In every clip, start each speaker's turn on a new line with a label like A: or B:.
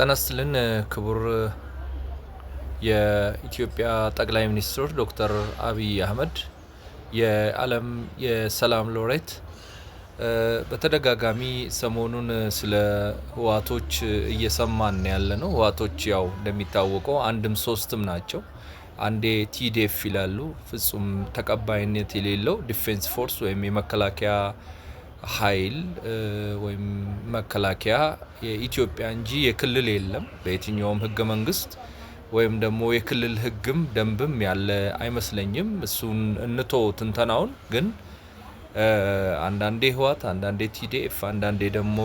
A: ጠነስትልን ክቡር የኢትዮጵያ ጠቅላይ ሚኒስትር ዶክተር አብይ አህመድ የዓለም የሰላም ሎሬት በተደጋጋሚ ሰሞኑን ስለ ህዋቶች እየሰማን ያለ ነው። ህዋቶች ያው እንደሚታወቀው አንድም ሶስትም ናቸው። አንዴ ቲዴፍ ይላሉ፣ ፍጹም ተቀባይነት የሌለው ዲፌንስ ፎርስ ወይም የመከላከያ ኃይል ወይም መከላከያ የኢትዮጵያ እንጂ የክልል የለም። በየትኛውም ህገ መንግስት ወይም ደግሞ የክልል ህግም ደንብም ያለ አይመስለኝም። እሱን እንቶ ትንተናውን ግን አንዳንዴ ህወሓት፣ አንዳንዴ ቲዲኤፍ፣ አንዳንዴ ደግሞ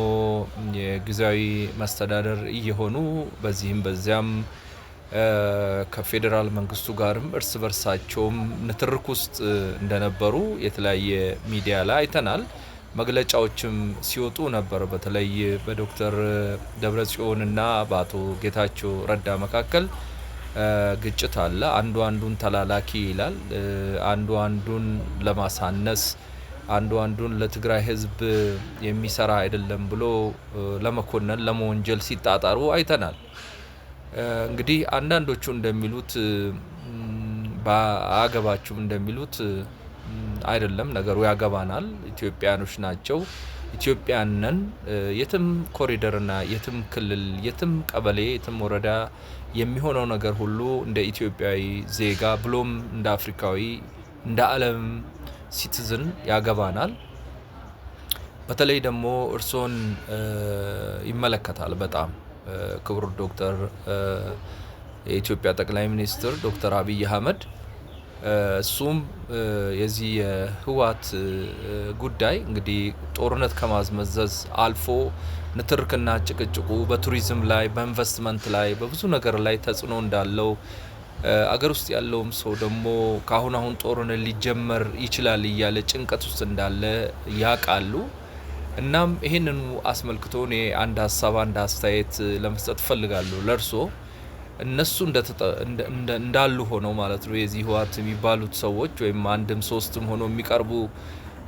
A: የጊዜያዊ መስተዳደር እየሆኑ በዚህም በዚያም ከፌዴራል መንግስቱ ጋርም እርስ በርሳቸውም ንትርክ ውስጥ እንደነበሩ የተለያየ ሚዲያ ላይ አይተናል። መግለጫዎችም ሲወጡ ነበር። በተለይ በዶክተር ደብረጽዮንና በአቶ ጌታቸው ረዳ መካከል ግጭት አለ። አንዱ አንዱን ተላላኪ ይላል። አንዱ አንዱን ለማሳነስ፣ አንዱ አንዱን ለትግራይ ሕዝብ የሚሰራ አይደለም ብሎ ለመኮነን ለመወንጀል ሲጣጣሩ አይተናል። እንግዲህ አንዳንዶቹ እንደሚሉት በአገባችሁም እንደሚሉት አይደለም ነገሩ ያገባናል። ኢትዮጵያኖች ናቸው፣ ኢትዮጵያንን የትም ኮሪደርና የትም ክልል፣ የትም ቀበሌ፣ የትም ወረዳ የሚሆነው ነገር ሁሉ እንደ ኢትዮጵያዊ ዜጋ ብሎም እንደ አፍሪካዊ እንደ ዓለም ሲቲዝን ያገባናል። በተለይ ደግሞ እርስዎን ይመለከታል በጣም ክቡር ዶክተር የኢትዮጵያ ጠቅላይ ሚኒስትር ዶክተር አብይ አህመድ እሱም የዚህ የህወሓት ጉዳይ እንግዲህ ጦርነት ከማዝመዘዝ አልፎ ንትርክና ጭቅጭቁ በቱሪዝም ላይ በኢንቨስትመንት ላይ በብዙ ነገር ላይ ተጽዕኖ እንዳለው አገር ውስጥ ያለውም ሰው ደግሞ ከአሁን አሁን ጦርነት ሊጀመር ይችላል እያለ ጭንቀት ውስጥ እንዳለ ያውቃሉ። እናም ይህንኑ አስመልክቶ እኔ አንድ ሀሳብ አንድ አስተያየት ለመስጠት እፈልጋለሁ ለእርሶ እነሱ እንዳሉ ሆነው ማለት ነው የዚህ ህወሓት የሚባሉት ሰዎች ወይም አንድም ሶስትም ሆኖ የሚቀርቡ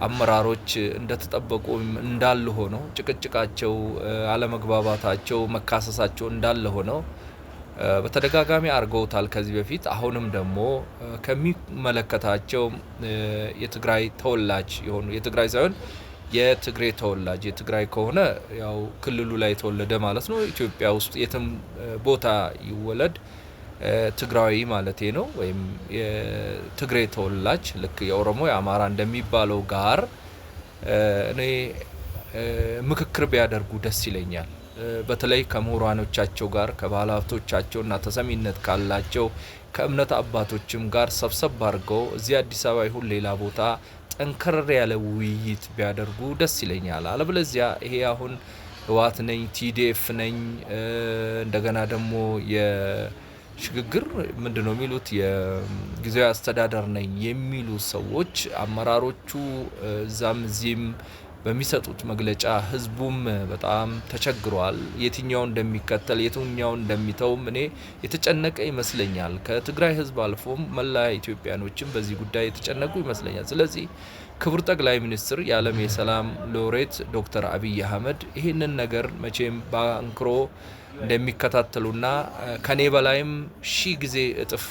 A: አመራሮች እንደተጠበቁ እንዳሉ ሆነው ጭቅጭቃቸው፣ አለመግባባታቸው፣ መካሰሳቸው እንዳለ ሆነው በተደጋጋሚ አድርገውታል ከዚህ በፊት። አሁንም ደግሞ ከሚመለከታቸው የትግራይ ተወላጅ የሆኑ የትግራይ ሳይሆን የትግሬ ተወላጅ የትግራይ ከሆነ ያው ክልሉ ላይ የተወለደ ማለት ነው። ኢትዮጵያ ውስጥ የትም ቦታ ይወለድ ትግራዊ ማለት ነው። ወይም የትግሬ ተወላጅ ልክ የኦሮሞ የአማራ እንደሚባለው ጋር እኔ ምክክር ቢያደርጉ ደስ ይለኛል። በተለይ ከምሁራኖቻቸው ጋር ከባህል ሀብቶቻቸውና ተሰሚነት ካላቸው ከእምነት አባቶችም ጋር ሰብሰብ አድርገው እዚህ አዲስ አበባ ይሁን ሌላ ቦታ ጠንከር ያለ ውይይት ቢያደርጉ ደስ ይለኛል። አለበለዚያ ይሄ አሁን ህወሓት ነኝ ቲዲኤፍ ነኝ እንደገና ደግሞ የሽግግር ምንድን ነው የሚሉት የጊዜያዊ አስተዳደር ነኝ የሚሉ ሰዎች አመራሮቹ እዛም እዚህም በሚሰጡት መግለጫ ህዝቡም በጣም ተቸግሯል። የትኛው እንደሚከተል የትኛው እንደሚተውም እኔ የተጨነቀ ይመስለኛል። ከትግራይ ህዝብ አልፎም መላ ኢትዮጵያኖችም በዚህ ጉዳይ የተጨነቁ ይመስለኛል። ስለዚህ ክቡር ጠቅላይ ሚኒስትር የዓለም የሰላም ሎሬት ዶክተር አብይ አህመድ ይህንን ነገር መቼም በአንክሮ እንደሚከታተሉና ከኔ በላይም ሺህ ጊዜ እጥፍ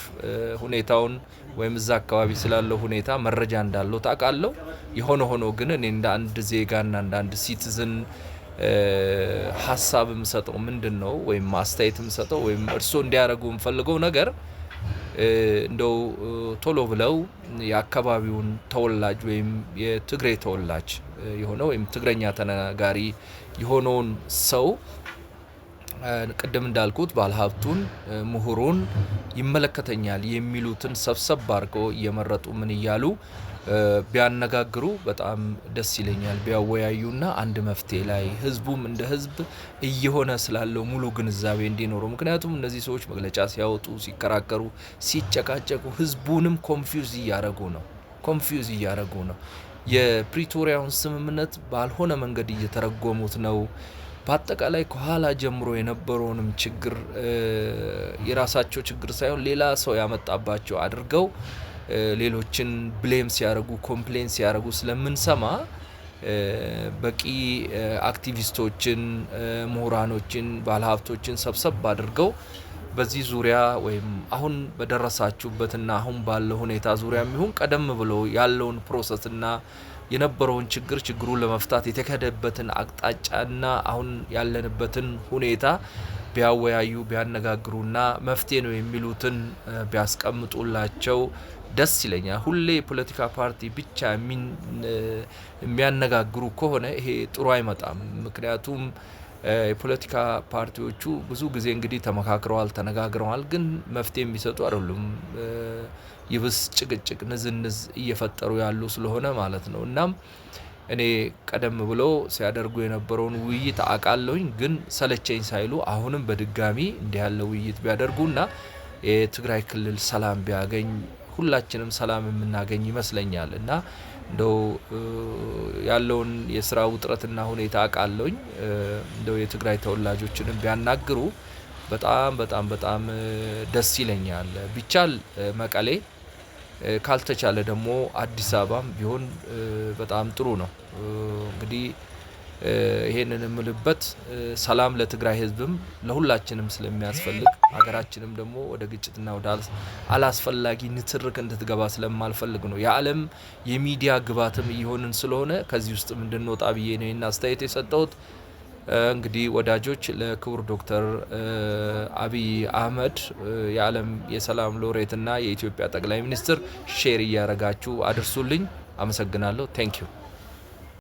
A: ሁኔታውን ወይም እዛ አካባቢ ስላለው ሁኔታ መረጃ እንዳለው ታውቃለሁ። የሆነ ሆኖ ግን እኔ እንደ አንድ ዜጋና እንደ አንድ ሲቲዝን ሀሳብ የምሰጠው ምንድን ነው ወይም አስተያየት የምሰጠው ወይም እርስዎ እንዲያደርጉ የምፈልገው ነገር እንደው ቶሎ ብለው የአካባቢውን ተወላጅ ወይም የትግሬ ተወላጅ የሆነ ወይም ትግረኛ ተናጋሪ የሆነውን ሰው ቅድም እንዳልኩት ባለሀብቱን፣ ምሁሩን፣ ይመለከተኛል የሚሉትን ሰብሰብ ባድርገው እየመረጡ ምን እያሉ ቢያነጋግሩ በጣም ደስ ይለኛል። ቢያወያዩና አንድ መፍትሄ ላይ ህዝቡም እንደ ህዝብ እየሆነ ስላለው ሙሉ ግንዛቤ እንዲኖረው። ምክንያቱም እነዚህ ሰዎች መግለጫ ሲያወጡ፣ ሲከራከሩ፣ ሲጨቃጨቁ ህዝቡንም ኮንፊውዝ እያረጉ ነው ኮንፊውዝ እያረጉ ነው። የፕሪቶሪያውን ስምምነት ባልሆነ መንገድ እየተረጎሙት ነው። በአጠቃላይ ከኋላ ጀምሮ የነበረውንም ችግር የራሳቸው ችግር ሳይሆን ሌላ ሰው ያመጣባቸው አድርገው ሌሎችን ብሌም ሲያደርጉ ኮምፕሌን ሲያደርጉ ስለምንሰማ በቂ አክቲቪስቶችን፣ ምሁራኖችን፣ ባለሀብቶችን ሰብሰብ አድርገው በዚህ ዙሪያ ወይም አሁን በደረሳችሁበትና አሁን ባለው ሁኔታ ዙሪያ የሚሆን ቀደም ብሎ ያለውን ፕሮሰስና የነበረውን ችግር ችግሩን ለመፍታት የተካሄደበትን አቅጣጫና አሁን ያለንበትን ሁኔታ ቢያወያዩ ቢያነጋግሩና መፍትሄ ነው የሚሉትን ቢያስቀምጡላቸው ደስ ይለኛል። ሁሌ የፖለቲካ ፓርቲ ብቻ የሚያነጋግሩ ከሆነ ይሄ ጥሩ አይመጣም። ምክንያቱም የፖለቲካ ፓርቲዎቹ ብዙ ጊዜ እንግዲህ ተመካክረዋል፣ ተነጋግረዋል፣ ግን መፍትሄ የሚሰጡ አይደሉም። ይብስ ጭቅጭቅ፣ ንዝንዝ እየፈጠሩ ያሉ ስለሆነ ማለት ነው። እናም እኔ ቀደም ብሎ ሲያደርጉ የነበረውን ውይይት አውቃለሁኝ፣ ግን ሰለቸኝ ሳይሉ አሁንም በድጋሚ እንዲህ ያለ ውይይት ቢያደርጉና የትግራይ ክልል ሰላም ቢያገኝ ሁላችንም ሰላም የምናገኝ ይመስለኛል እና እንደው ያለውን የስራ ውጥረትና ሁኔታ አውቃለሁኝ። እንደው የትግራይ ተወላጆችንም ቢያናግሩ በጣም በጣም በጣም ደስ ይለኛል። ቢቻል መቀሌ ካልተቻለ ደግሞ አዲስ አበባም ቢሆን በጣም ጥሩ ነው። እንግዲህ ይሄንን የምልበት ሰላም ለትግራይ ህዝብም ለሁላችንም ስለሚያስፈልግ ሀገራችንም ደግሞ ወደ ግጭትና ወደ አላስፈላጊ ንትርክ እንድትገባ ስለማልፈልግ ነው። የዓለም የሚዲያ ግባትም እየሆንን ስለሆነ ከዚህ ውስጥ እንድንወጣ ብዬ ነው አስተያየት የሰጠሁት። እንግዲህ ወዳጆች ለክቡር ዶክተር አብይ አህመድ የዓለም የሰላም ሎሬትና የኢትዮጵያ ጠቅላይ ሚኒስትር ሼር እያረጋችሁ አድርሱልኝ። አመሰግናለሁ። ቴንክ ዩ